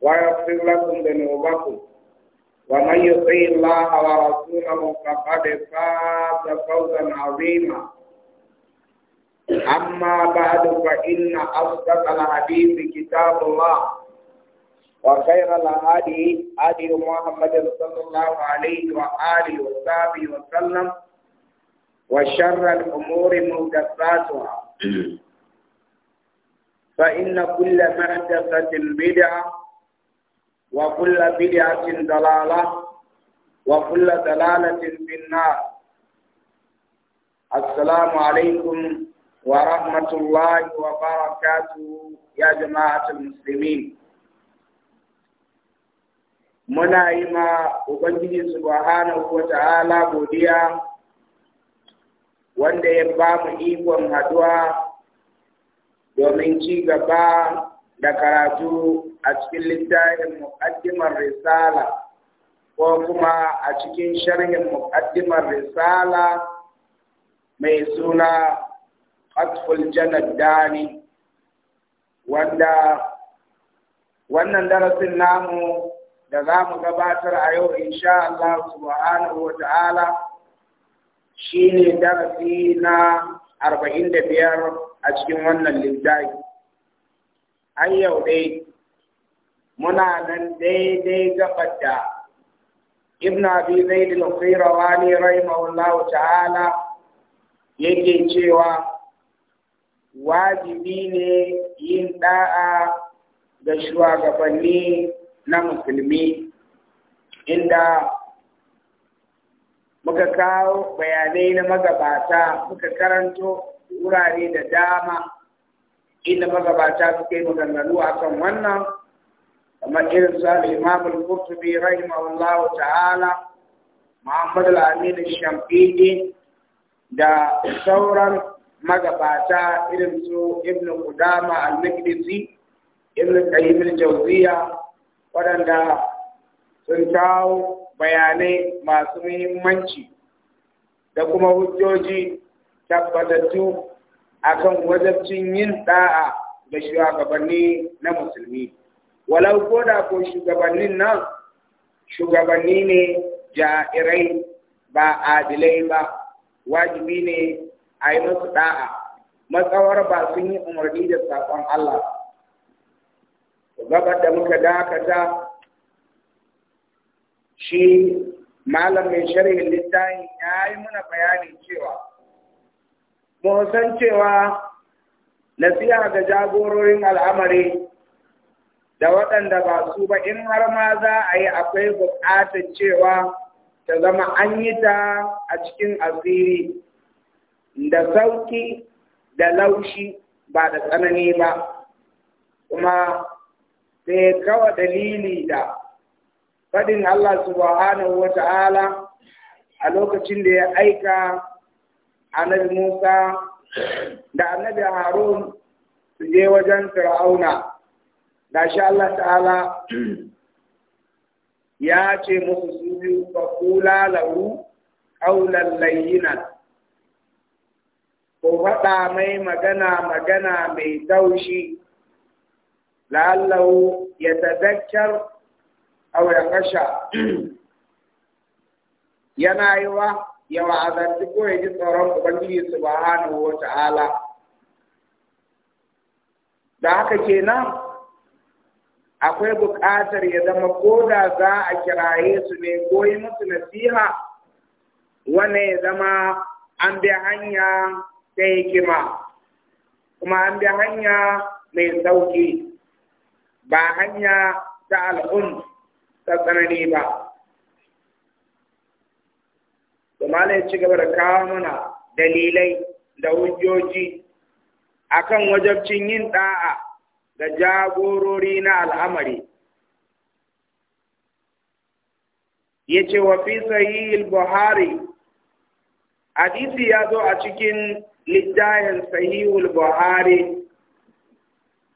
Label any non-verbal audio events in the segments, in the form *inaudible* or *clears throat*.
ويغفر لكم ذنوبكم ومن يطيع الله ورسوله فقد فاز فوزا عظيما أما بعد فإن أصدق الحديث كتاب الله وخير الهادي هدي محمد صلى الله عليه وآله وصحبه وسلم وشر الأمور محدثاتها فإن كل محدثة بدعة وكل بدعة ضلالة وكل ضلالة في النار السلام عليكم ورحمة الله وبركاته يا جماعة المسلمين muna yi ma Ubangiji subhanahu wa ta'ala godiya wanda ya ba mu ikon haduwa domin ci gaba da karatu a cikin littafin muqaddimar risala ko kuma a cikin sharhin muqaddimar risala mai suna Qatful Janad Dani wanda wannan darasin namu da za mu gabatar a yau insha Allah subhanahu wa ta'ala shi ne darasi na arba'in da biyar a cikin wannan littafi. An yau dai muna nan daidai gabar da ibn abi zaid al-qayrawani rahimahullahu ta'ala yake cewa wajibi ne yin da'a ga shugabanni na musulmi inda muka kawo bayanai na magabata muka karanto wurare da dama inda magabata suka yi maganganu a kan wannan kamar irin su al-Imam al rahimahullahu ta'ala Muhammad al-Amin da sauran magabata irin su Ibn Kudama al-Maqdisi Ibn Kayyim al waɗanda sun kawo bayanai masu muhimmanci da kuma hujjoji tabbatattu akan wajabcin yin da'a da shugabanni na musulmi. walau ko da ko shugabannin nan shugabanni ne ja'irai ba adilai ba wajibi ne a yi musu da'a matsawar ba sun yi umarni da saƙon Allah gabar da muka dakata shi malam mai sharhin littafin ya yi muna bayani cewa mu san cewa nasiha ga jagororin al'amari da waɗanda ba su ba in har ma za a yi akwai buƙatar cewa ta zama an yi ta a cikin asiri da sauki da laushi ba da tsanani ba kuma sai kawa dalili da faɗin Allah subhanahu wa ta'ala a lokacin da ya aika annabi Musa da annabi Harun su je wajen Fir'auna. shi Allah ta'ala ya ce musu su biyu fa kula lahu qawlan layyinan ko faɗa mai magana magana mai taushi lallahu ya tadakkar aw ya kasha yana yi wa ya wa'azanci ko ya ji tsoron ubangiji subhanahu wa ta'ala da haka kenan akwai buƙatar ya zama ko da za a kiraye su ne ko yi musu nasiha wannan ya zama an bi hanya ta hikima kuma an bi hanya mai sauƙi ba hanya ta al'un ta tsanani ba. kuma ya ci gaba da kawo mana dalilai da hujjoji akan wajabcin yin ɗa'a da jagorori na al'amari Ya ce wa fi sahih buhari hadisi ya zo a cikin littayin sahihul buhari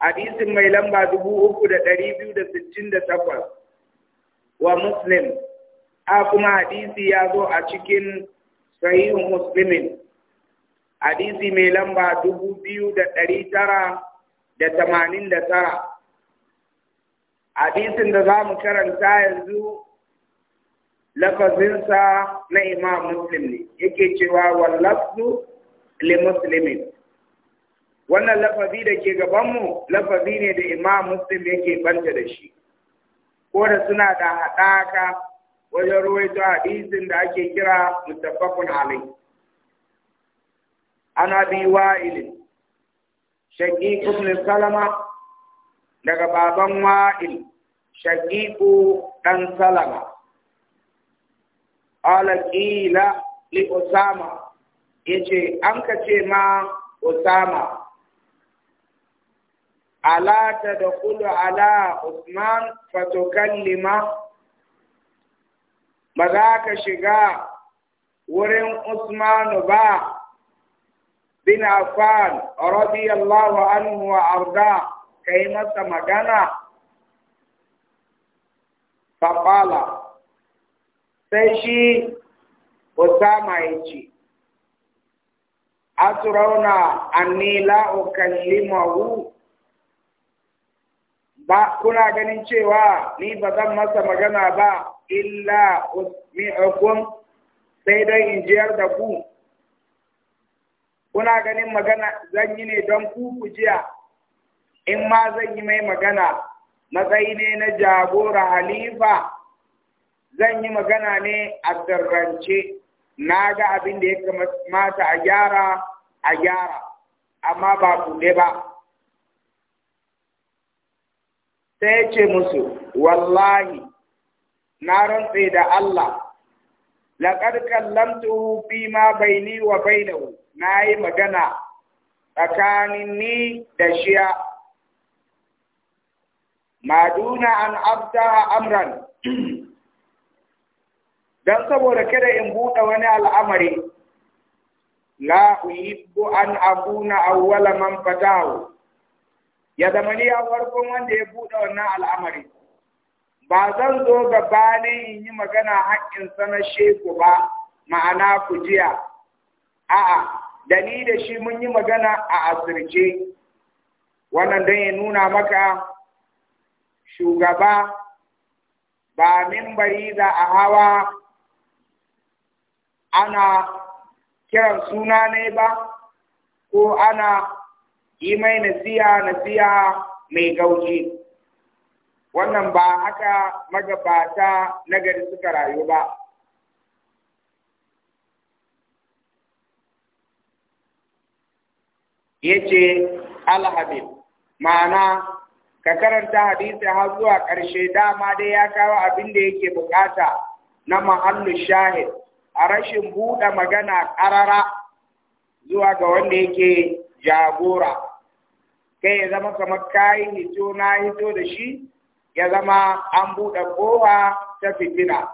hadisin mai lamba dubu uku da dari biyu da sittin da takwas wa muslim a kuma hadisi ya zo a cikin sahihun muslimin hadisi mai lamba dubu biyu da dari tara da tamanin da tara hadisin da za mu karanta yanzu lafazinsa na imam muslim ne yake cewa wallafsu li muslimin wannan lafazi da ke gabanmu lafazi ne da imam muslim yake banta da shi ko da suna da haɗaka wajen ruwaito hadisin da ake kira mutafakun alai an abi wa'ilin shaqiq ibn salama daga baban wa'il shaqiqu dan salama qala qila li usama yace an ka ce ma usama ala tadkhulu ala usman fatukallima ba za ka shiga wurin usmanu ba bin Affan radiyallahu anhu wa arda kai masa magana faqala sai shi Usama yace aturauna anni la ukallimahu ba kuna ganin cewa ni ba zan masa magana ba illa usmi'ukum sai dai in jiyar da ku kuna ganin magana zan yi ne don ku jiya in ma zan yi mai magana matsayi ne na jagora halifa zan yi magana ne a darrance na ga abin da ya kamata a gyara a gyara amma ba kuɗe ba sai ce musu wallahi na rantse da Allah laƙar kallamtuhu fi ma bai ni wa bainahu na yi magana tsakanin ni da shiya maduna an a amran don saboda kada in buɗe wani al'amari la uhibbu an akuna awwala man fatahu ya zama ni wanda ya buɗe wannan al'amari ba zan zo gabanin in yi magana haƙƙin sanar sheku ba ma'ana ku jiya a'a da ni da shi mun yi magana a asirce wannan don ya nuna maka shugaba ba mimbari za a hawa ana kiran suna ne ba ko ana yi mai nasiya nasiya mai gauji wannan ba haka magabata nagari suka rayu ba yace alhabib ma'ana ka karanta hadisi har zuwa ƙarshe dama dai ya kawo abin da yake buƙata na mahallu shahid a rashin buɗe magana ƙarara zuwa ga wanda yake jagora kai ya zama kamar kayi hito na hito da shi ya zama an buɗe kowa ta fitina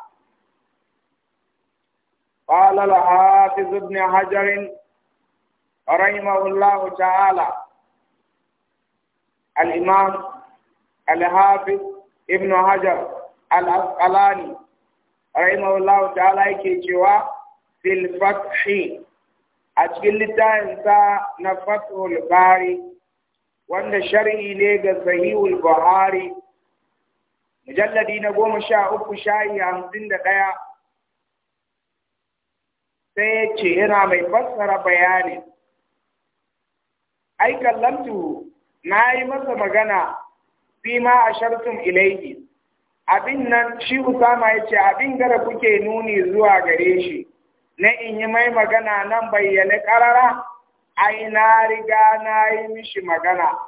قال الحافظ ابن حجر رحمه الله تعالى الإمام الحافظ ابن حجر العسقلاني رحمه الله تعالى كيجوا في الفتح أجل تانسا نفتح الباري وأن شرعي ليغا صحيح البخاري mujalladi na شاء sha شاي عن hamsin da ɗaya sai ya ce yana mai fassara bayanin ai kallantu na yi masa magana fi ma ashartum ilayhi abin nan shi Usama ya ce abin gara kuke nuni zuwa gare shi na in yi mai magana nan bayyane karara ai na riga na yi mishi magana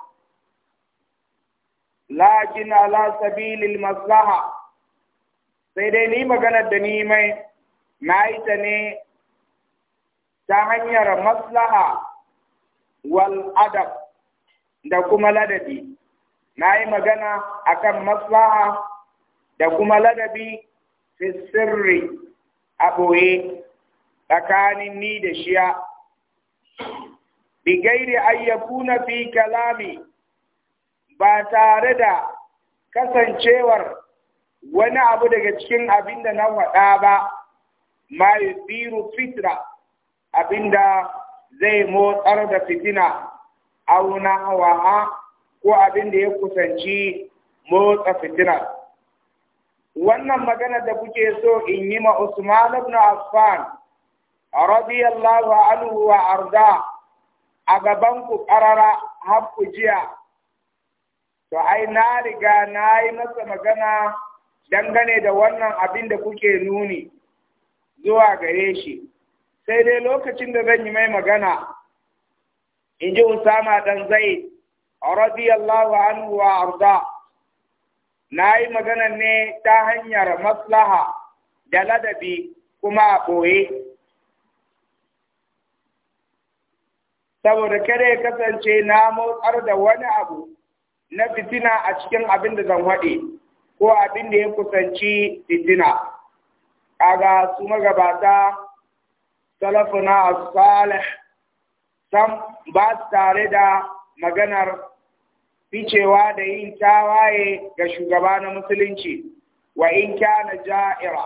lakin ala sabilil maslaha sai dai ni magana da ni mai na yi ta ne ta hanyar maslaha wal adab da kuma ladabi na yi magana akan maslaha da kuma ladabi fi sirri a ɓoye tsakanin ni da shiya bigairi ayyakuna fi kalami ba tare da kasancewar wani abu daga cikin abin da na faɗa ba ma yusiru fitra abin da zai motsar da fitina auna hawa ko abin da ya kusanci motsa fitina wannan magana da kuke so in yi ma Usman ibn Affan radiyallahu anhu wa arda a gaban ku karara har ku jiya to ai na riga na yi masa magana dangane da wannan abin da kuke nuni zuwa gare shi sai dai lokacin da zan yi mai magana in ji Usama dan zai radiyallahu anhu wa arda na yi magana ne ta hanyar maslaha da ladabi kuma a ɓoye saboda kada ya kasance na motsar da wani abu na fitina a cikin abin da zan haɗe ko abin da ya kusanci fitina kaga su magabata salafuna as-salih sam ba tare da maganar ficewa da yin tawaye ga shugaba na musulunci wa in kana ja'ira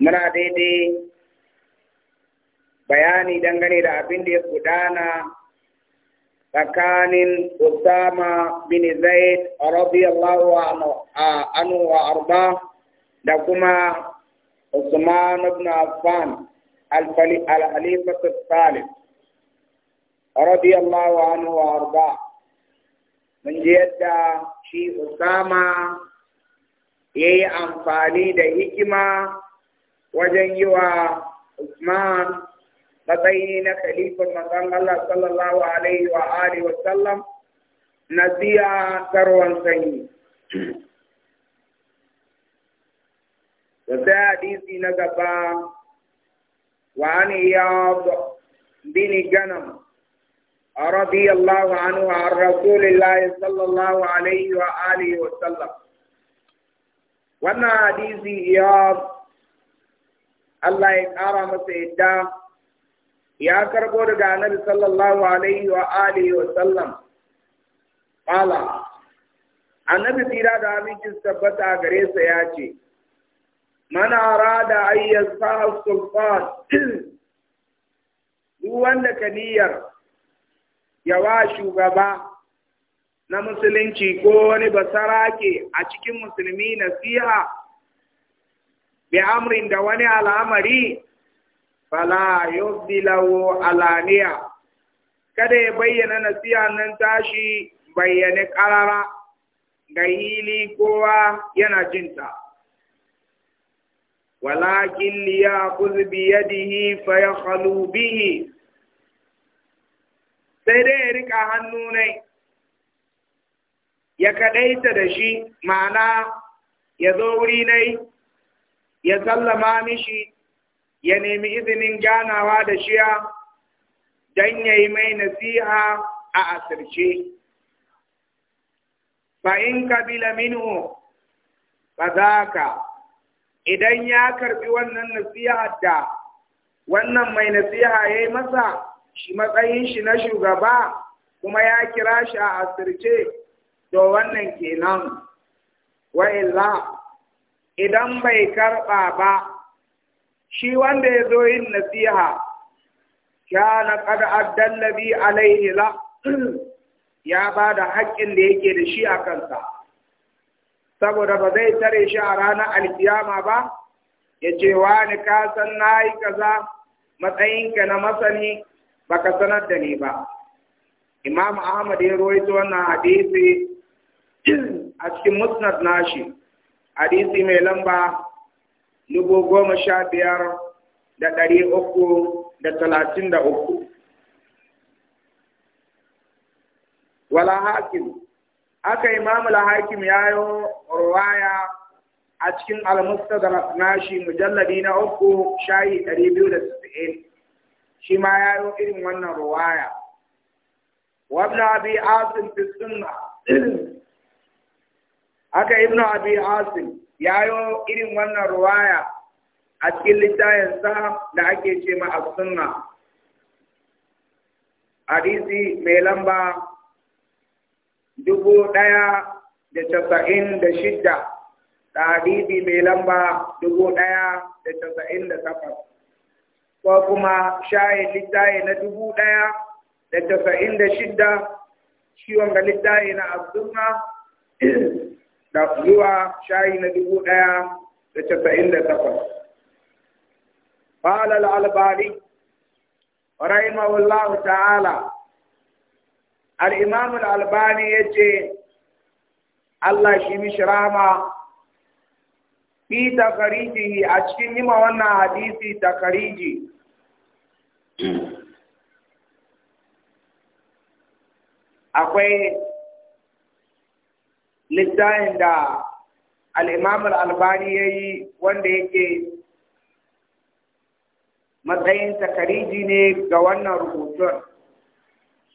muna daidai bayani dangane da abin da ya gudana tsakanin Usama bin Zaid radiyallahu anhu wa Arba, da kuma Usman ibn Affan al-Khalifa al-Thalith radiyallahu anhu wa Arba, mun ji yadda shi Usama yayi amfani da hikima wajen yiwa Usman فبين خليفة مقام الله صلى الله عليه وآله وسلم نبيا كروان سيني وفي حديث نقبا وعن إياب بن جنم رضي الله عنه عن رسول الله صلى الله عليه وآله وسلم وما حديث إياب الله يكرم سيدنا ya karbo daga annabi sallallahu alaihi wa alihi wa sallam qala annabi tira da amincin tabbata gare sa ya ce man arada an yasa sultan *clears throat* duk wanda kaniyar wa shugaba na musulunci ko wani basarake a cikin musulmi nasiha bi amrin da wani al'amari fala yubdilawo alaniya kada ya bayyana nasiha nan tashi bayyane karara ga hili kowa yana jinta walakin liya kuzbi yadihi fa ya bihi sai dai ya rika hannu ne ya kaɗaita da shi ma'ana ya zo wuri ne ya sallama mishi ya nemi izinin ganawa da shiya don ya yi mai nasiha a asirce. Fa'in kabila minhu ba za ka, idan ya karbi wannan nasiha da wannan mai nasiha ya yi masa shi matsayin shi na shugaba kuma ya kira shi a asirce, to wannan kenan. Wa'illa, idan bai karɓa ba, shi wanda ya zo yin nasiha kana qad addallabi alaihi la *clears throat* ya ba da haƙƙin da yake da shi a kansa saboda ba zai tare shi a ranar alkiyama ba ya ce wani ka san na yi kaza matsayinka na masani baka sanar da ni ba imam ahmad ya rawaito wannan hadisi *clears throat* a cikin musnad nashi hadisi mai lamba dubu goma sha biyar da ɗari uku da talatin da uku. Wala hakim, aka la hakim ya yi ruwaya a cikin almusta da nashi mujalladi na uku shayi ɗari biyu da sittin. Shi ma ya yi irin wannan ruwaya. Wabna abi asin fi sunna. *clears throat* Aka ibnu abi asin. Ya yi irin wannan ruwaya a cikin littayen sa da ake ce ma a sunna hadisi mai lamba dubu ɗaya da casa'in da shidda da hadisi mai lamba dubu ɗaya da casa'in da takwas ko kuma shayin littaye na dubu ɗaya da casa'in da shidda ciwon ga littaye na abdulma zuwa shayi na dubu ɗaya da casa'in da takwas. Falal albari, rahimahullahu ta'ala, al'imamun albani ya ce, Allah shi mishi rama, fi takarijihi a cikin yima wannan hadisi takariji. Akwai littafin da al'imam albani ya yi wanda yake matsayin takariji ne ga wannan rubutun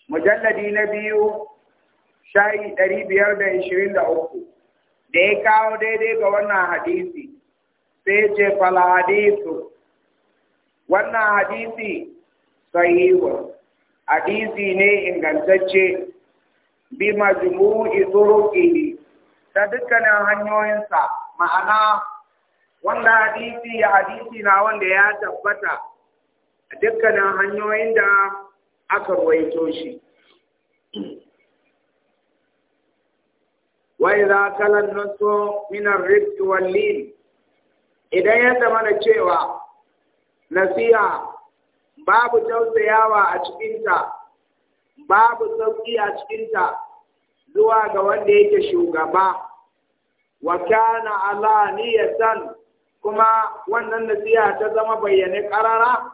mujalladi na biyu shayi ɗari biyar da ishirin da uku da ya kawo daidai ga wannan hadisi sai ce fala hadisu wannan hadisi sahihu hadisi ne ingantacce bi majmu'i turuqihi da dukkanin hanyoyinsa ma'ana wanda hadisi ya hadisi na wanda ya tabbata a dukkanin hanyoyin da aka ruwaito shi wai za kalan nasu minar rift wallin idan ya zama da cewa nasiha babu tausayawa a cikinta babu sauƙi a cikinta zuwa ga wanda yake shugaba wa kana ala niyatan kuma wannan nasiha ta zama bayyane karara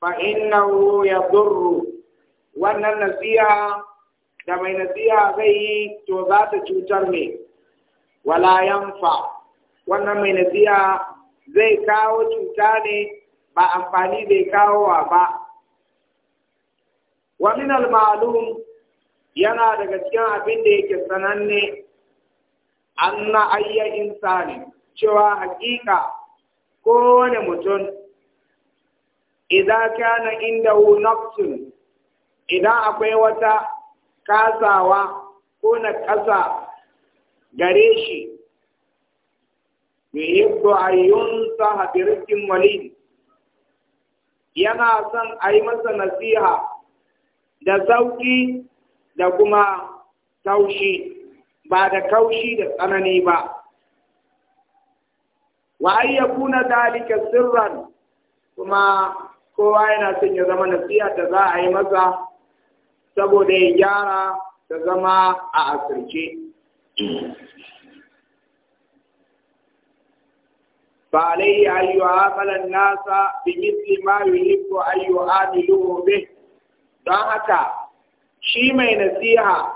fa innahu yadurru wannan nasiha da mai nasiha zai yi to za ta cutar ne wala yanfa wannan mai nasiha zai kawo cuta ne ba amfani zai kawo ba wa min al-ma'lum yana daga cikin abin da yake sananne an na ayya insani cewa hakika kowane mutum idan kana inda nafsun idan akwai wata kasawa ko na kasa gare shi yuhibbu ayyunsa habirkin walid yana son a yi masa nasiha da sauki da kuma taushi ba da kaushi da tsanani ba wa an yakuna dalika sirran kuma kowa yana son ya zama nasiha da za a yi masa saboda ya gyara ta zama a asirce ayyu أن nasa bi mithli ma yuhibbu ayyu يعاملوه gobe don haka shi mai nasiha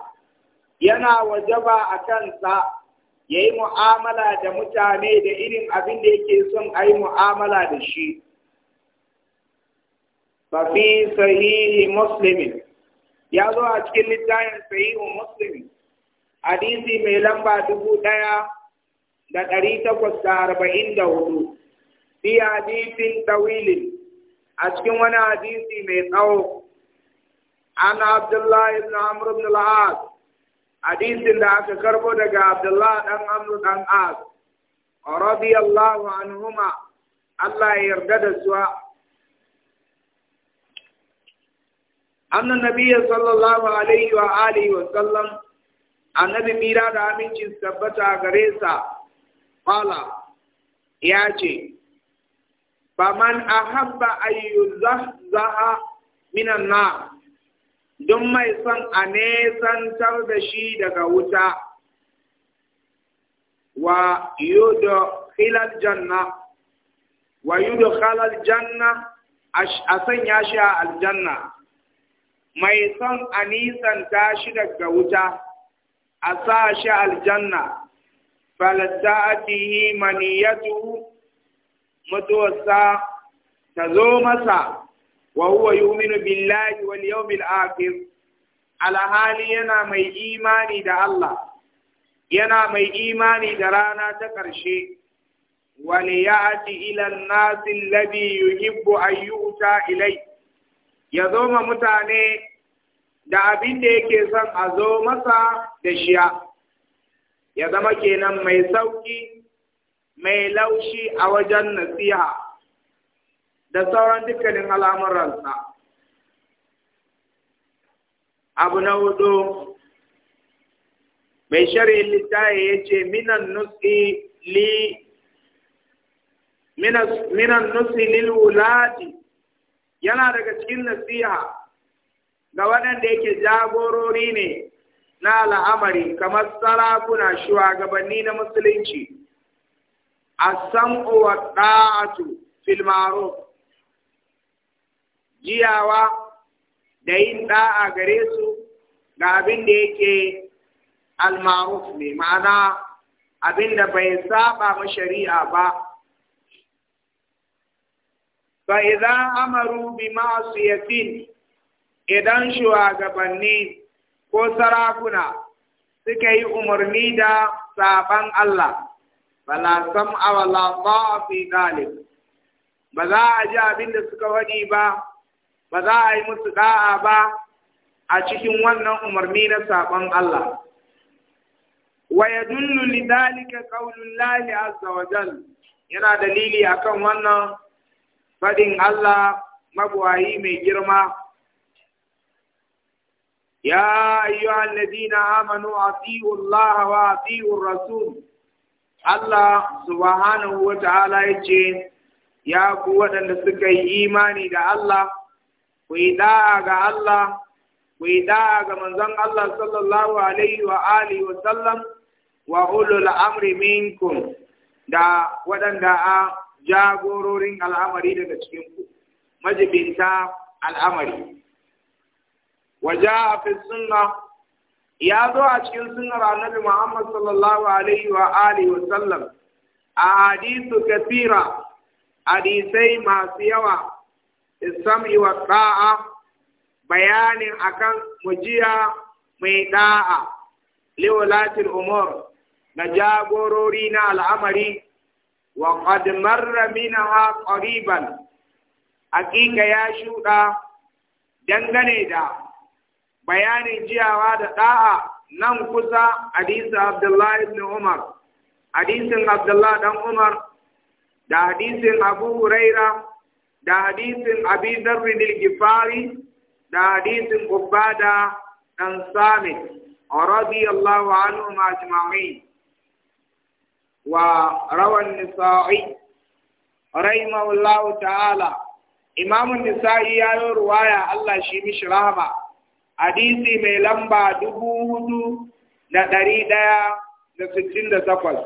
yana wajaba a kansa ya yi mu'amala da mutane da irin abin da yake son a yi mu'amala da shi. Fafi sahihi Muslimin ya zo a cikin littafin sahihi Muslimin, hadisi mai lamba dubu ɗaya da ɗari takwas da arba'in da hudu, fi hadisin tawilin a cikin wani hadisi mai tsawo. عن عبد الله بن عمرو بن العاص حديث لا تقرب لك عبد الله بن عمرو بن العاص رضي الله عنهما الله يرد سوى أن النبي صلى الله عليه وآله وسلم النبي ميراد آمين جي سبتا غريسا قال ياجي فمن أحب أن يزهزه من النار Dun mai son a nesantar da shi daga wuta wa khilal janna wa yudkhilal janna a sanya shi a aljanna mai son a nisanta shi daga wuta a sa shi aljanna falata'atihi maniyatu mutuwarsa ta zo masa wa huwa yu'minu billahi wal yawmil akhir alhali yana mai imani da Allah yana mai imani da rana ta ƙarshe wal ya'ti ila an-nas alladhi yuhibbu an yu'ta ilai ya zo ma mutane da abin da yake son a zo masa da shiya ya zama kenan mai sauki mai laushi a wajen nasiha da sauran dukkanin al'amuransa. Abu na hudu, mai shari'in littaye ya ce, Minan nutsi lil wulati yana daga cikin nasiha ga waɗanda yake jagorori ne na al'amari kamar sarakuna shugabanni na musulunci a sam'u wa ɗa'atu fil jiyawa da yin ɗa'a gare su ga abin da yake almaruf ne ma'ana abin da bai saba ma shari'a ba fa idan amaru bi ma'asiyatin idan shugabanni ko sarakuna suka yi umarni da saban Allah fala sam'a wala ta'a fi dalil ba za a ji abin da suka wadi ba ba za a yi musu da'a ba a cikin wannan umarni na sabon Allah. Wa ya dullu li dalika qaulul lahi azza wa jal yana dalili akan wannan fadin Allah magwayi mai girma Ya Amanu يا أيها الذين آمنوا rasul Allah subhanahu wa ta'ala yace ya ku waɗanda suka yi imani da Allah. ku yi ga Allah ku yi da'a ga manzon Allah sallallahu alaihi wa alihi wa sallam wa ulul amri minkum da waɗanda a jagororin al'amari daga cikinku, majibinta al'amari wa a fi sunna ya zo a cikin suna annabi Muhammad sallallahu alaihi wa alihi wa sallam a hadisu kafira, hadisai masu yawa السمع والطاعة بيان أكن مجيا ميداء لولاة الأمور نجاغورورين الأمر وقد مر منها قريبا حقيقة يا شودا dangane da bayanin jiyawa da ɗa'a nan kusa hadisin Abdullahi ibn Umar, hadisin Abdullahi dan Umar da hadisin Abu Huraira da hadisin abi zarri gifari da hadisin ubada dan sami radiyallahu anhu majma'in wa rawan nisa'i rahimahullahu ta'ala imamu nisa'i ya yi ruwaya Allah shi mishi rahama hadisi mai lamba dubu hudu da ɗari ɗaya da sittin da takwas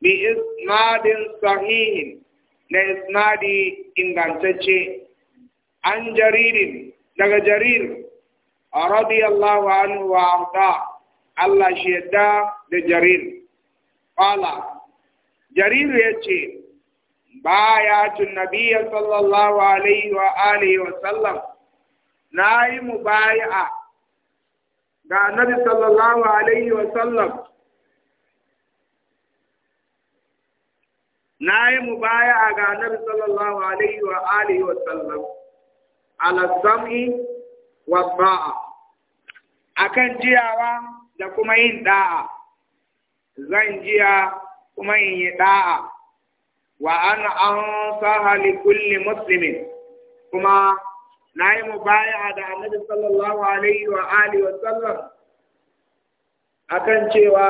bi isnadin sahihin na isnadi ingantacce an jaririn daga jarir radiyallahu anhu wa arda Allah shi yadda da jarir fala jarir ya tun Nabiya sallallahu alaihi wa alihi wa sallam nayi mubayi'a ga nabi sallallahu alaihi wa sallam na yi baya ga ganar sallallahu alaihi wa alihi wa sallam ala sam'i wa ta'a akan jiyawa da kuma yin da'a zan jiya kuma in yi da'a wa an ansaha li kulli muslimin kuma na yi baya da annabi sallallahu alaihi wa alihi wa sallam akan cewa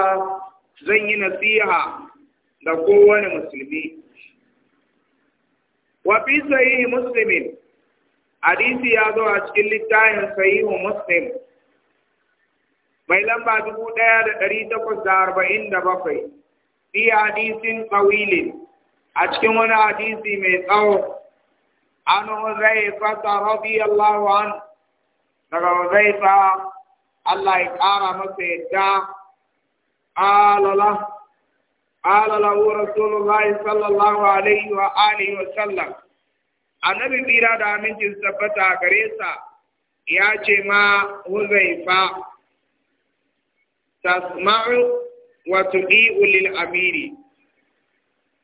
zan yi nasiha Da kowane musulmi wa fi sahihi muslimin hadisi ya zo a cikin littafin sahihu muslim mai lamba dubu ɗaya da ɗari takwas da arba'in da bakwai fi hadisin tsawilin a cikin wani hadisi mai tsawo an zai huzaifa ta radiyallahu an daga fa Allah ya ƙara masa yadda alala قال له رسول الله صلى الله عليه وآله وسلم annabi tsira da amincin tabbata gare sa ya ce ma huzaifa tasma'u wa tudi'u lil amiri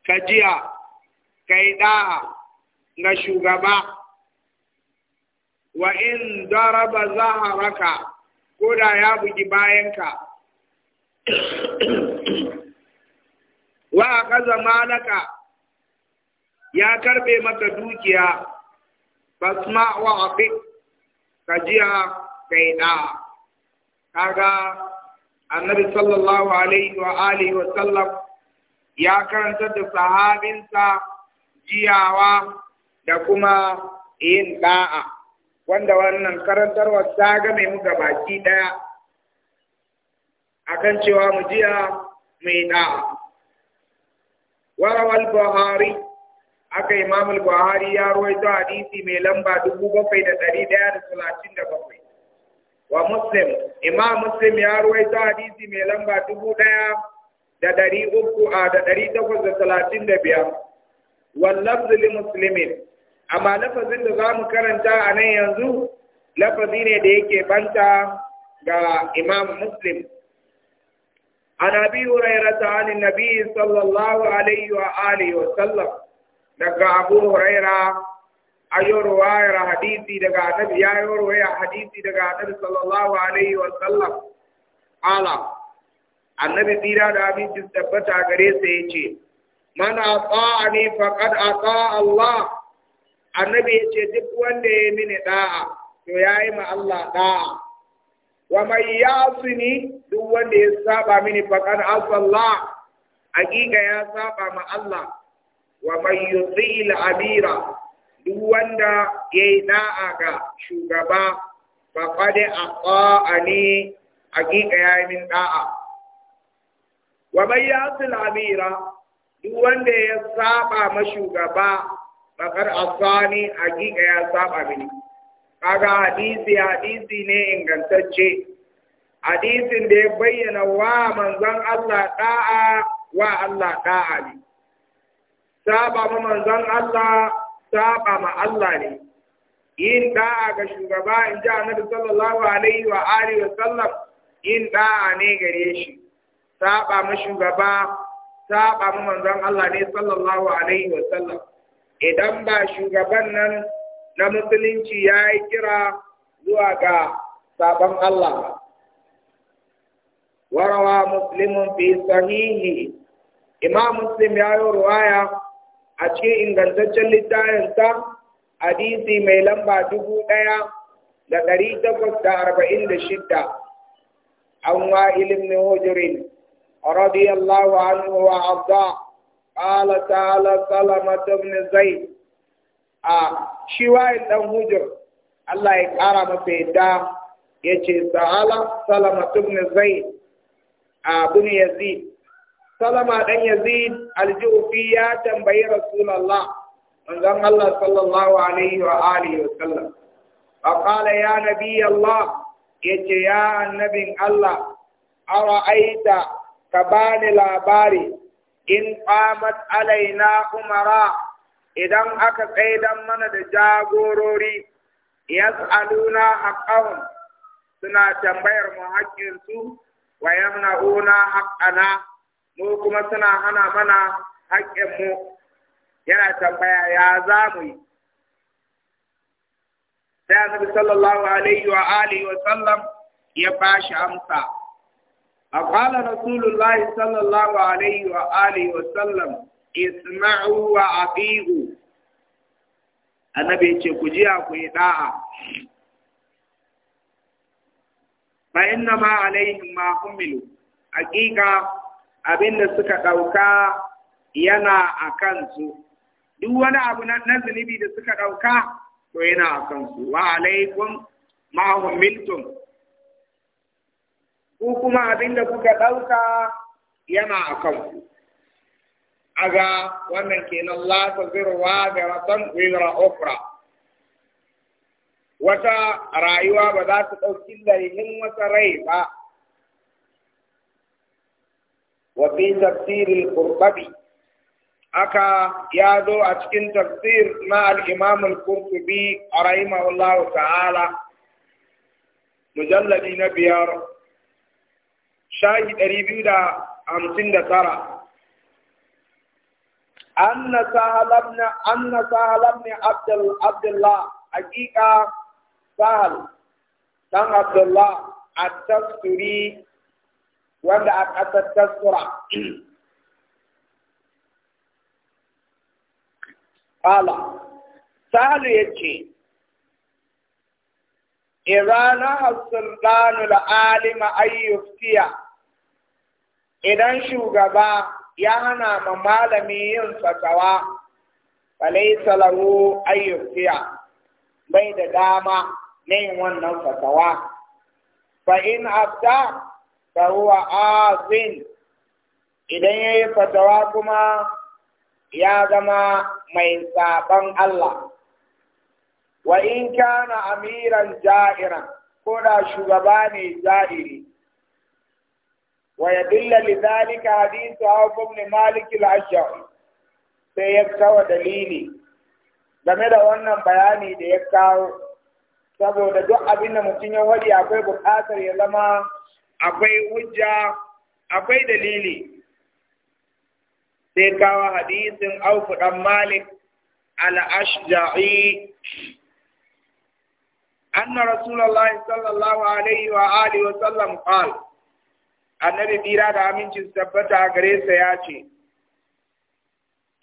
kajiya kai da'a ga shugaba wa in daraba zaharaka ko da ya bugi bayanka wa akaza malaka ya karbe maka dukiya basma wa abi kajiya kai da kaga annabi sallallahu alaihi wa alihi wa sallam ya karanta da sahabinsa jiyawa da kuma yin da'a wanda wannan karantarwar ta game muka baki daya akan cewa mu jiya mai da'a warawal buhari aka imam buhari ya rawaito hadisi mai lamba dubu bakwai da ɗari ɗaya da talatin da bakwai wa muslim imam muslim ya rawaito hadisi mai lamba dubu ɗaya da dari uku a da dari takwas da talatin da biyar wallafzu li muslimin amma lafazin da za mu karanta a nan yanzu lafazi ne da yake banta ga imam muslim عن أبي هريرة عن النبي صلى الله عليه وآله وسلم دقى أبو هريرة أيو رواية حديثي دقى النبي أيو رواية حديثي دقى النبي صلى الله عليه وسلم قال النبي تيرا دامي تستبت أغري سيشي من أطاعني فقد أطاع الله النبي يشي دقوان دي من داعا ويأي ما الله داعا wa mai ni duk wanda ya saba mini faqad asalla hakika ya saba ma Allah wa mai yi yutil amira duk wanda ya yi ɗa'a ga shugaba a faqad aqani ya yi min ɗa'a. wa mai yasil amira duk wanda ya saba ma shugaba a faqad asani hakika ya saba mini kaga hadisi hadisi ne ingantacce hadisin da ya bayyana wa manzon Allah da'a wa Allah da'a ne saba ma manzon Allah saba ma Allah ne yin da'a ga shugaba in ji annabi sallallahu alaihi wa alihi wa sallam yin da'a ne gare shi saba ma shugaba saba ma manzon Allah ne sallallahu alaihi wa sallam idan ba shugaban nan na musulunci ya yi kira zuwa ga sabon Allah. Warawa Musulmin fi sahihi, Imam Muslim ya yi ruwaya a cikin ingantaccen littafinsa hadisi mai lamba dubu ɗaya da ɗari takwas da arba'in da shidda. An wa'ilin ne hujirin, radiyallahu anhu wa abda, قال تعالى سلمة بن زيد a shi wayin dan hujjar Allah ya ƙara masa yadda ya ce sahala salama tubni zai a bin yazid salama dan yazid aljufi ya tambayi rasulallah manzon Allah sallallahu alaihi wa alihi wa sallam فقال يا نبي الله yace ya annabin Allah ra'aita, ka bani labari in qamat alaina umara idan aka tsaidan mana da jagorori yas'aluna haqqahum suna tambayar mu haƙƙinsu wa yamna'una haqqana mu kuma suna hana mana haƙƙinmu yana tambaya ya za mu yi sai annabi sallallahu alaihi wa alihi wa sallam ya bashi amsa a qala rasulullahi sallallahu alaihi wa alihi wa sallam isma'u wa aqi'u annabi yace ku jiya ku yi ɗa'a. fa inna ma alaihim ma umilu haqiqa abinda suka ɗauka yana a kansu. duk wani abu na zunubi da suka ɗauka, ko yana a kansu wa alaikum ma umiltum ku kuma abinda kuka ɗauka yana a kansu. aga wannan kenan la tazirwa da ratan wira ukra wata rayuwa ba za ta ɗauki laifin wata rai ba wa fi tafsirin kurbabi aka ya zo a cikin tafsir na al-imam al-qurtubi rahimahullahu ta'ala mujalladi na biyar shahi ɗari biyu da hamsin da tara anna sahal ibn abdullah hakika dan abdullah wanda aka yace irana as-sultanu al-alima idan shugaba ya hana ma malami yin fatawa falaisa lahu ayyukiya bai da dama na yin wannan fatawa fa in afta fa huwa azin idan yayi fatawa kuma ya zama mai saban Allah wa in kana amiran ja'ira ko da shugaba ne ja'iri ويدل لذلك حديث عوف بن مالك الأشعري sai ya kawo dalili game da wannan bayani da ya kawo saboda duk abin da mutum ya wadi akwai buƙatar ya zama akwai hujja akwai dalili sai kawo hadisin auku dan malik al-ashja'i anna rasulullahi sallallahu alaihi wa alihi wa sallam qala annabi bira da amincin tabbata gare sa ya ce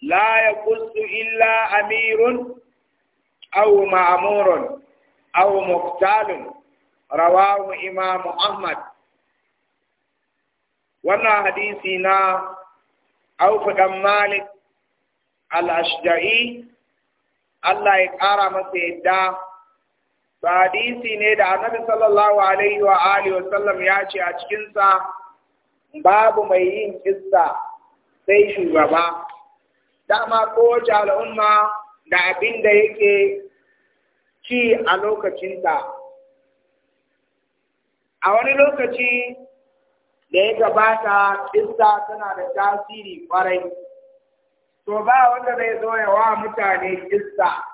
la yaqussu illa amirun aw ma'murun aw muqtalun rawahu imam ahmad wannan hadisi na Auf Malik al-Ashja'i Allah ya ƙara masa yadda ba hadisi ne da annabi sallallahu alaihi wa alihi wa sallam ya ce a cikinsa babu mai yin kista sai shugaba dama kowace al'umma da abin da yake ci a lokacinta a wani lokaci da ya gabata kista tana da tasiri kwarai to ba wanda zai zo ya wa mutane kista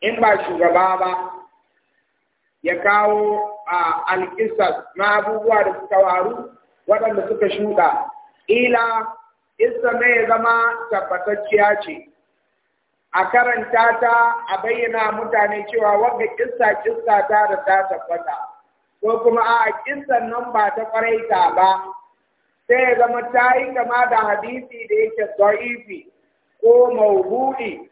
in ba shugaba ba ya kawo a alƙisas na abubuwa da suka waru waɗanda suka shuɗa ila isa na ya zama tabbatacciya ce a karanta ta a bayyana mutane cewa wanda kissa kissa ta da ta tabbata ko kuma a kissan nan ba ta ta ba sai ya zama ta yi kama da hadisi da yake da'ifi ko maubu'i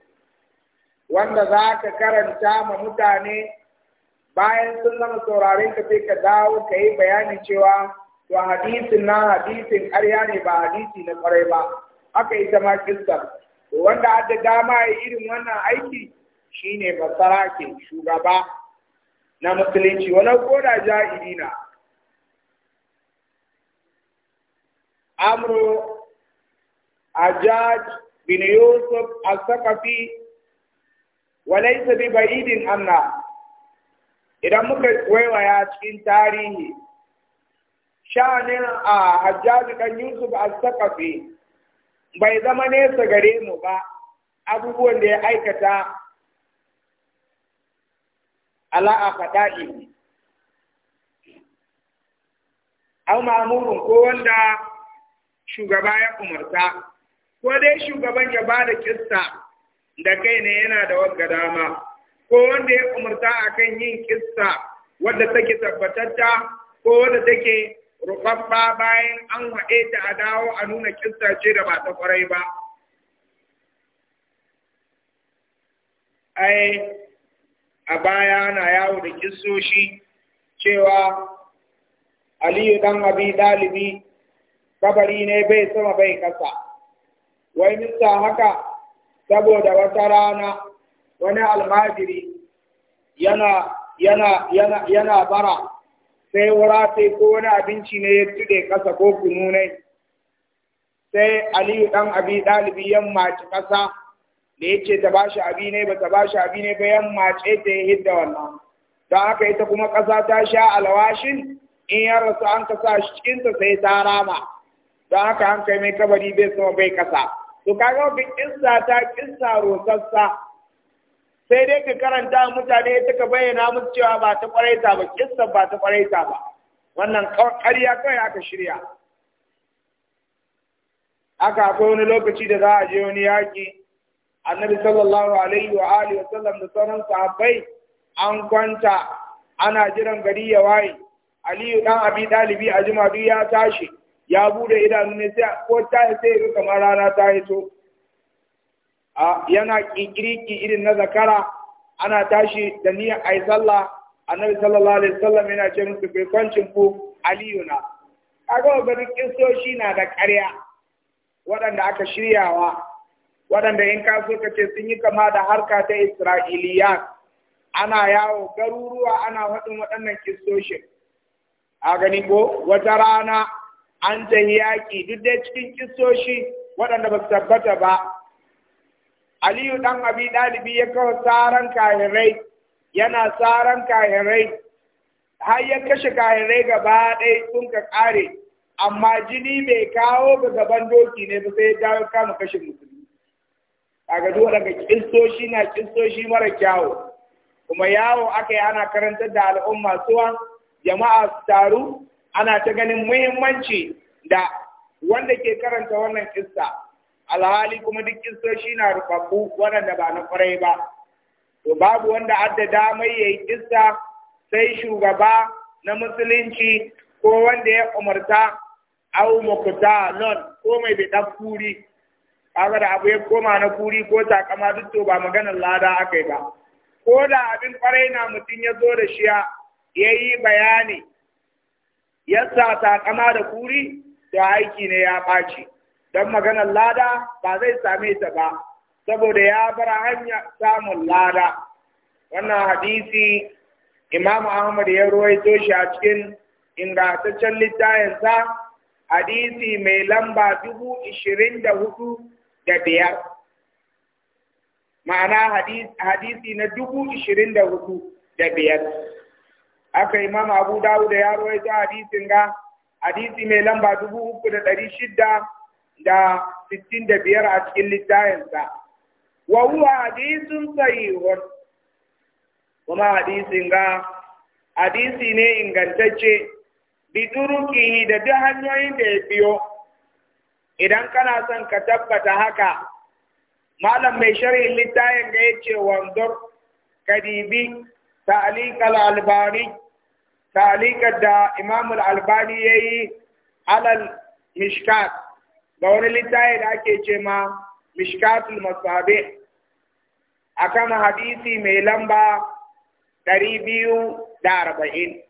wanda za ka karanta ma mutane bayan sun zama sauraren ka sai ka dawo ka yi bayani cewa to hadisin na hadisin ƙarya ne ba hadisi na ƙwarai ba haka ita ma kissa to wanda adda dama ya irin wannan aiki shine ke shugaba na musulunci wani koda ja'iri na amro ajaj bin yusuf al-sakafi bi ba'idin anna idan muka waiwaya cikin tarihi sha'anin a hajjaji kan yusuf al-sakafi bai zama nesa gare mu ba abubuwan da ya aikata ala'a faɗaɗi. au ma'amurin ko wanda shugaba ya umarta ko dai shugaban ya ba da kista da kai ne yana da wadda dama ko wanda ya umarta kan yin kissa wadda take tabbatatta ko wadda take rufaffa bayan an haɗe ta a dawo a nuna kissa ce da ba ta kwarai ba ai a baya na yawo da kissoshi cewa aliyu dan abi dalibi kabari ne bai sama bai kasa wai nisa haka saboda wata rana wani almajiri yana yana yana yana bara sai wura sai ko wani abinci ne ya tude kasa ko kunu ne sai aliyu dan abi dalibi yan ci kasa da yace ta bashi abi ne ba ta bashi abi ne ba yan mace ta yi hidda wannan don haka ita kuma kasa ta sha alwashin in ya rasu an kasa shi cikin ta sai ta rama don haka an kai mai kabari bai sama bai kasa to kaga bin kissa ta kissa rosassa sai dai ka karanta mutane ta ka bayyana musu cewa ba ta kwaraita ba kissa ba ta kwaraita ba wannan ƙarya kawai aka shirya aka akwai wani lokaci da za a je wani yaƙi annabi sallallahu alaihi wa alihi wa sallam da sauran sahabbai an kwanta ana jiran gari ya waye aliyu dan abi dalibi a jima duk ya tashi ya bude idanu ne sai ko ta sai kamar rana ta hito yana kiriki irin na zakara ana tashi da niyyar ayi sallah annabi sallallahu alaihi wasallam yana ce musu bai kwancin ku aliyuna kaga wannan kisoshi na da ƙarya waɗanda aka shiryawa waɗanda in ka so ka ce sun yi kama da harka ta isra'iliya ana yawo garuruwa ana haɗin waɗannan kistoshin a gani ko wata rana an ta yaƙi duk da cikin kistoshi waɗanda ba su tabbata ba aliyu ɗan abi ɗalibi ya kawo tsaron kahirai yana tsaron kahirai har ya kashe kahirai gaba ɗaya sun ka ƙare amma jini bai kawo ga gaban doki ne ba sai ya kama kashe musulmi kaga duk daga kistoshi na kistoshi mara kyawu kuma yawo aka yi ana karanta da al'umma suwa jama'a su taru ana ta ganin muhimmanci da wanda ke karanta wannan kista. alhali kuma duk kistoshi na rufaffu waɗanda ba na kwarai ba to babu wanda adda damai yayi kista sai shugaba na musulunci ko wanda ya umarta au non ko mai bidan kuri kaga da abu ya koma na kuri ko takama duk to ba maganar lada akai ba ko da abin kwarai na mutum ya zo da shi ya yi bayani ya sa takama da kuri da aiki ne ya ɓaci. don maganar lada ba zai same ta ba saboda ya bar hanya samun lada wannan hadisi imam ahmad ya ruwaito shi a cikin ingantaccen littayensa hadisi mai lamba dubu ishirin da hudu da biyar ma'ana hadisi na dubu ishirin da hudu da biyar aka imam abu dawud ya ruwaito hadisin ga hadisi mai lamba dubu uku da ɗari shidda da sittin da biyar a cikin littafinsa wa huwa hadithun sahihun kuma hadisin ga hadisi ne ingantacce bi turukihi da duk hanyoyin da ya biyo idan kana son ka tabbata haka malam mai sharhin littafin da ya ce wanzur kadibi ta'alika al-albani ta'alika da imam al-albani yayi alal mishkat da wani littafi da ake ce ma mishkatul masabe akan hadisi mai lamba ɗari biyu da arba'in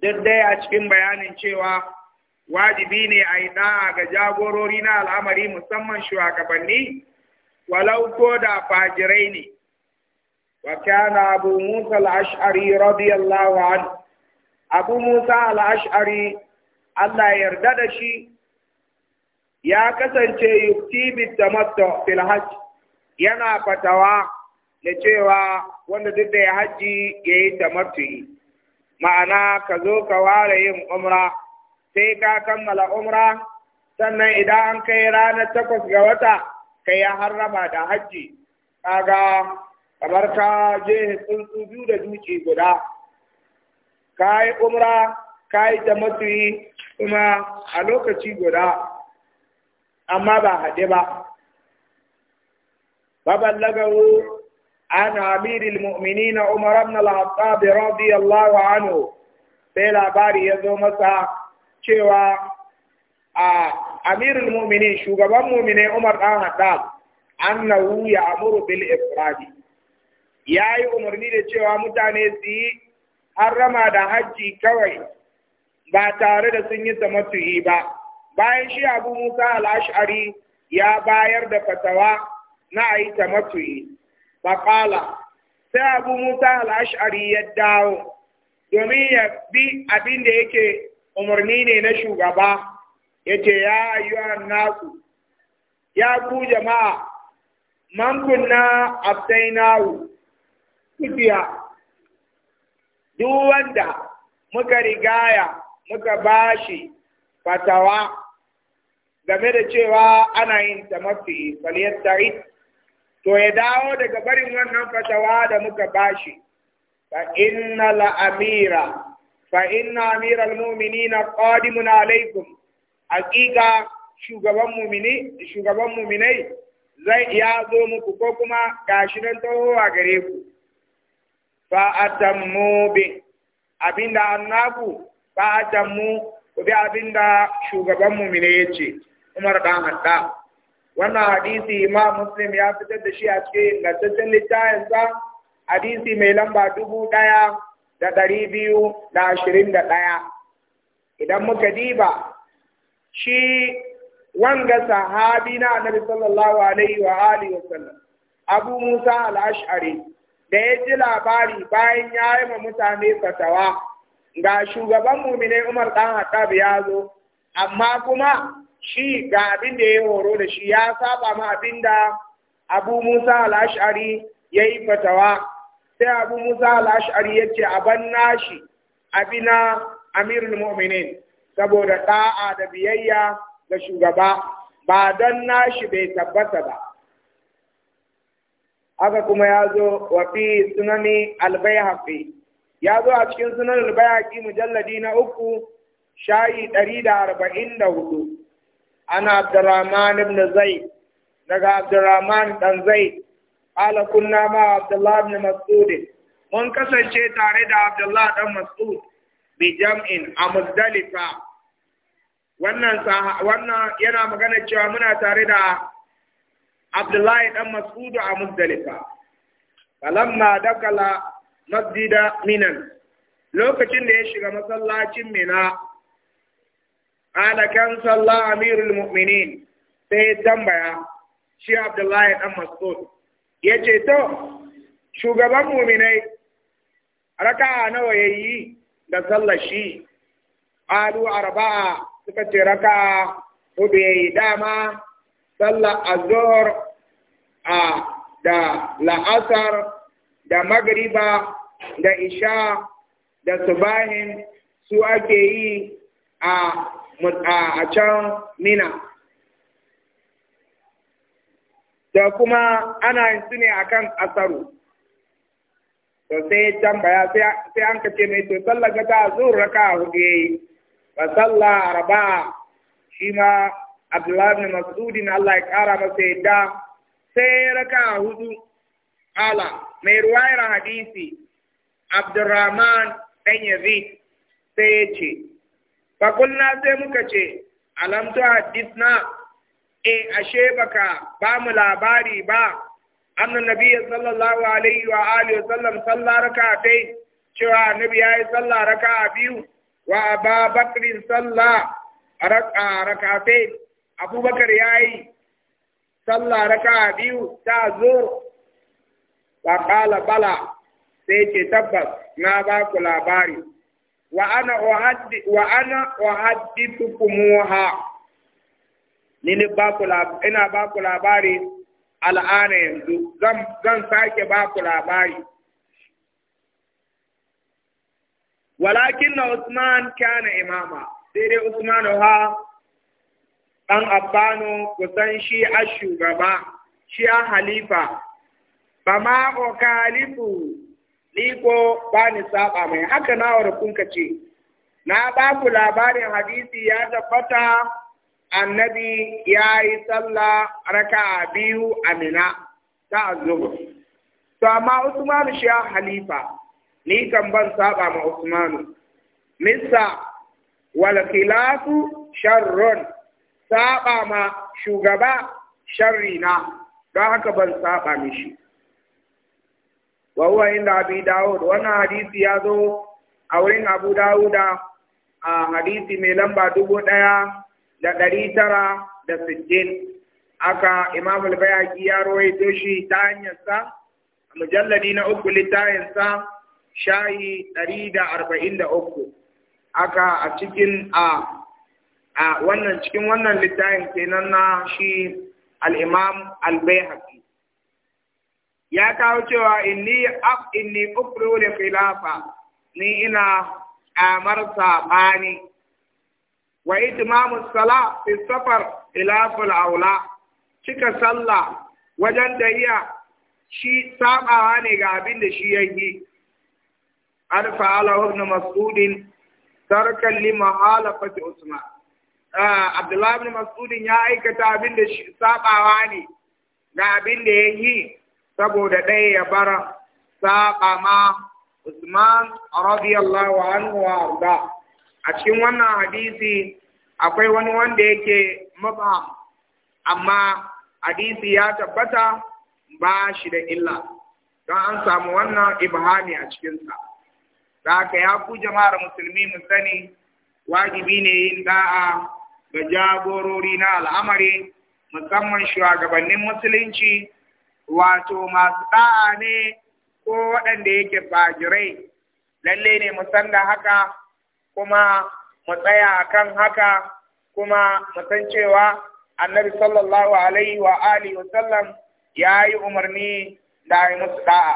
duk dai a cikin bayanin cewa wajibi ne a yi ɗa'a ga jagorori na al'amari musamman shugabanni walau ko da fajirai ne wa kana abu musa al'ash'ari radiyallahu anhu abu musa al'ash'ari Allah yarda da shi ya kasance yukti bitamattu fil hajj yana fatawa da cewa wanda duk da ya haji ya yi ma'ana ka zo ka ware yin umra sai ka kammala umra sannan idan an kai ranar takwas ga wata ka yi harrama da haji kaga kamar ka je tsuntsu biyu da duki guda ka yi umra ka yi kuma a lokaci guda amma ba haɗe ba فبلغه عن أمير المؤمنين عمر بن الخطاب رضي sai labari ya zo masa cewa a amirul mu'minin shugaban mu'minai Umar dan Khattab annahu ya'muru bil ya yayi umarni da cewa mutane su yi harrama da hajji kawai ba tare da sun yi tamattu'i ba bayan shi abu musa al'ashari ya bayar da fatawa na a yi ta matuyi sai abu musa al'ashari ya dawo domin ya bi abin da yake umarni ne na shugaba ya ce ya ayyuhan nasu ya ku jama'a man kunna abtainahu kufiya duk wanda muka rigaya muka bashi fatawa game da cewa ana yin faliyar ta'id to ya dawo daga barin wannan fatawa da muka bashi fa inna la amira fa inna amira almu'minina qadimun alaikum haqiqa shugaban mu'mini shugaban mu'minai zai ya zo muku ko kuma gashi nan a gare ku fa atammu bi abinda annaku fa atammu ku abinda shugaban ya yace Umar dan Hadda wannan hadisi ma Muslim ya fitar da shi a cikin ingantaccen littafin sa hadisi mai lamba dubu ɗaya da ɗari biyu da ashirin da ɗaya idan muka diba shi wanga sahabi na annabi sallallahu alaihi wa alihi wasallam Abu Musa al-Ash'ari da ya ji labari bayan ya yi ma mutane fatawa ga shugaban muminai Umar ɗan Hattab ya zo amma kuma shi ga abin da ya horo da shi ya saba ma abin da Abu Musa al-Ash'ari ya yi fatawa sai Abu Musa al-Ash'ari ya ce aban nashi abina Amirul Mu'minin saboda ɗa'a da biyayya ga shugaba ba don nashi bai tabbata ba haka kuma ya zo Wafi fi sunani al ya zo a cikin sunan bayaki mujalladi na uku shayi ɗari da arba'in da hudu ana abdurrahman ibn zai daga abdurrahman dan zai ala kunna ma abdullah ibn mas'ud mun kasance tare da abdullah dan mas'ud bi jam'in a muzdalifa wannan wannan yana magana cewa muna tare da abdullahi dan mas'ud a muzdalifa falamma dakala masjida minan lokacin da ya shiga masallacin mina ala kan salla amirul mu'minin sai tambaya shi abdullahi dan mas'ud yace to shugaban mu'minai raka'a nawa yayi da salla shi alu arba'a suka ce raka'a hudu yayi dama sallar azhar a da la'asar da magariba da isha da subahin su ake yi a a can mina da kuma ana yin su ne akan asaru to sai tambaya sai an kace mai to sallar ga ta zuwa raka hudu yayi ba salla arba shi ma Abdullahi Mas'udin Allah ya kara masa yadda sai raka hudu Ala, mai ruwayar hadisi, Abdurrahman ɗan Yazid sai ya ce, Fakulna sai muka ce, Alamtu haddisna, e, eh, ashe baka ba mu labari ba, annan nabiya sallallahu alaihi wa alihi wa sallam Sallar raka tai cewa nabi ya yi sallar raka biyu wa aba bakrin sallah raka tai abubakar ya yi sallah raka biyu ta zo wa qala bala sai ce tabbas na ba labari wa ana uhaddi wa ana uhaddithukumha ni ina ba ku labari yanzu zan zan sake baku labari walakin na Usman kana imama sai dai Usman ha ɗan Abbano kusan shi a shugaba shi a halifa fama okalifu ni ko ba ni saba mai haka na wa ce na baku labarin hadisi ya tabbata annabi ya yi sallah raka biyu amina ta azubu to amma usmanu shi halifa ni kan ban saba ma usmanu misa wal khilafu saɓa saba ma shugaba sharri na don haka ban saba mishi wa huwa inda abi dawud wannan hadisi ya zo a wurin abu dawuda a hadisi mai lamba dubu ɗaya da ɗari tara da sittin aka imam al-bayhaqi ya rawaito shi ta hanyar sa mujalladi na uku littafin sa shayi ɗari da arba'in da uku aka a cikin a wannan cikin wannan littafin kenan na shi al-imam al-bayhaqi ya kawo cewa inni af inni ukru li khilafa ni ina amar sabani wa itmamu sala fi safar al aula cika sallah wajen da iya shi sabawa ne ga abin da shi yayi an fa'ala ibn mas'ud tarkan li mahalafati usman ah, Abdullahi ibn Mas'ud ya aikata abin da shi sabawa ne ga abin da yayi saboda ɗaya ya bar saƙa ma Usman radiyallahu anhu wa arda a cikin wannan hadisi akwai wani wanda yake mabham amma hadisi ya tabbata ba shi da illa don an samu wannan ibhami a cikinsa da haka ya ku jama'ar musulmi mu sani wajibi ne yin da'a ga jagorori na al'amari musamman shugabannin musulunci wato masu ɗa'a ne ko waɗanda yake bajirai lalle ne mu san da haka kuma mu tsaya kan haka kuma mu san cewa annabi sallallahu alaihi wa alihi wa sallam ya yi umarni da yi musu ɗa'a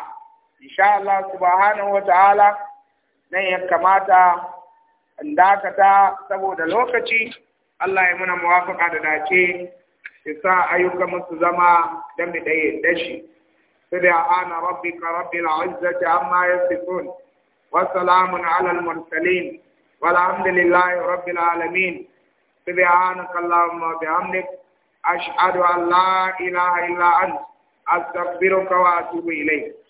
insha Allah subhanahu wa ta'ala nan ya kamata in dakata saboda lokaci Allah ya muna muwafaka da dace isa ayyukan musu zama don ɗaya da shi. Sai da ana rabbi ka rabbi la'azza ta amma ya sifun. Wasalamu na alal mursalin. Walhamdulillahi rabbi la'alamin. Sai da ana kallon mabi hamdik. Ashadu Allah ilaha illa an. Astagfiru kawa tubu ilai.